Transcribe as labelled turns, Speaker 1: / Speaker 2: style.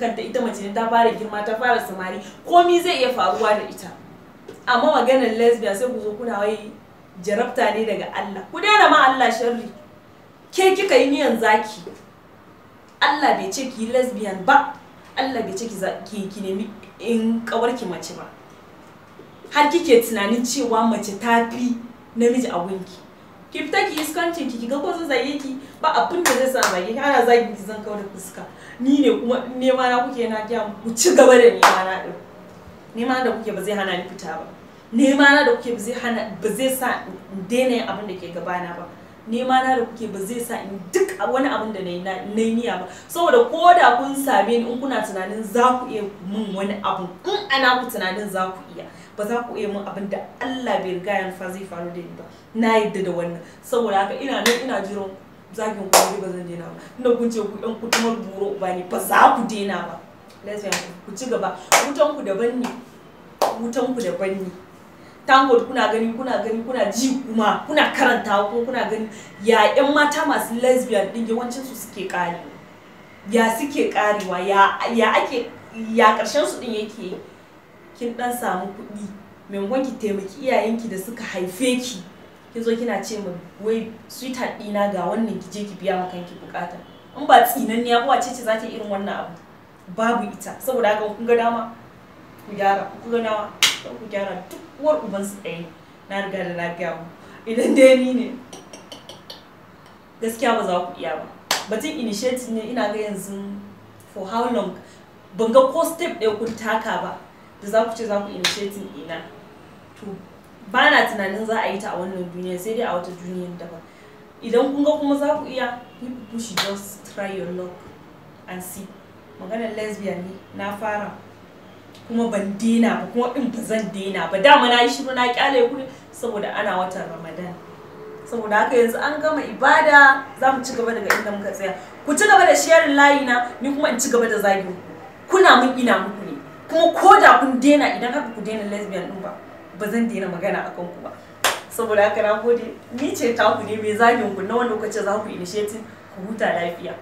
Speaker 1: kanta ita mace ne ta fara girma ta fara samari komi zai iya faruwa da ita amma maganar lesbian sai ku zo kuna wai jarabta ne daga Allah ku daina ma Allah sharri ke kika yi niyan zaki Allah bai ce ki lesbian ba Allah bai ce ki ki nemi in kawarki mace ba har kike tunanin cewa mace ta fi namiji a gunki ki fita ki iskanci ki ga ko zan zage ki ba abin da zai sa zage ki ana zagin ki zan kawar da fuska ni ne kuma nema na kuke na gya mu ci gaba da nema na din nema da kuke ba zai hana ni fita ba nema na da kuke ba zai hana ba zai sa in daina yin abin da ke gabana ba nema na da kuke ba zai sa in duk wani abin da na yi niyya ba saboda ko da kun same ni in kuna tunanin za ku iya mun wani abu in ana ku tunanin za ku iya ba za ku iya min abin da Allah bai riga ya nufa zai faru da ni ba na yadda da wannan saboda haka ina nan ina jiran zagin ku ba zan daina ba ina kun ce ku ɗan kutumar buro uba ne ba za ku daina ba lesbian ku ci gaba wutan ku daban ne wutan ku daban ne tango kuna gani kuna gani kuna ji kuma kuna karanta ko kuna gani ya yan mata masu lesbian din yawancin su suke kare ya suke karewa ya ake ya karshen su din yake kin dan samu kuɗi maimakon ki taimaki iyayenki da suka haife ki kin zo kina ce min wai sweetheart ɗina ga wannan ki je ki biya ma kanki bukata in ba tsinanniya ba wace ce za ta irin wannan abu babu ita saboda haka kun ga dama ku gyara ku ga ku gyara duk uwar uban su ɗaya na riga da na mu idan dai ni ne gaskiya ba za ku iya ba batun initiative ne ina ga yanzu for how long ban ga ko step ɗaya kun taka ba da za ku ce za ku initiating ina to ba na tunanin za a yi ta a wannan duniyar sai dai a wata duniyar daban idan kun ga kuma za ku iya you push just try your luck and see maganar lesbian ne na fara kuma ban dena ba kuma in ba zan dena ba dama na yi shiru na kyale ku saboda ana watan ramadan saboda haka yanzu an gama ibada za mu ci gaba daga inda muka tsaya ku ci gaba da sharing layi na ni kuma in ci gaba da zagi kuna mun ina muku kuma ko da kun daina idan haka ku daina lesbian din ba ba zan daina magana a kanku ba saboda haka na gode ni ce taku ne mai zagin ku na wani lokaci za ku initiate ku huta lafiya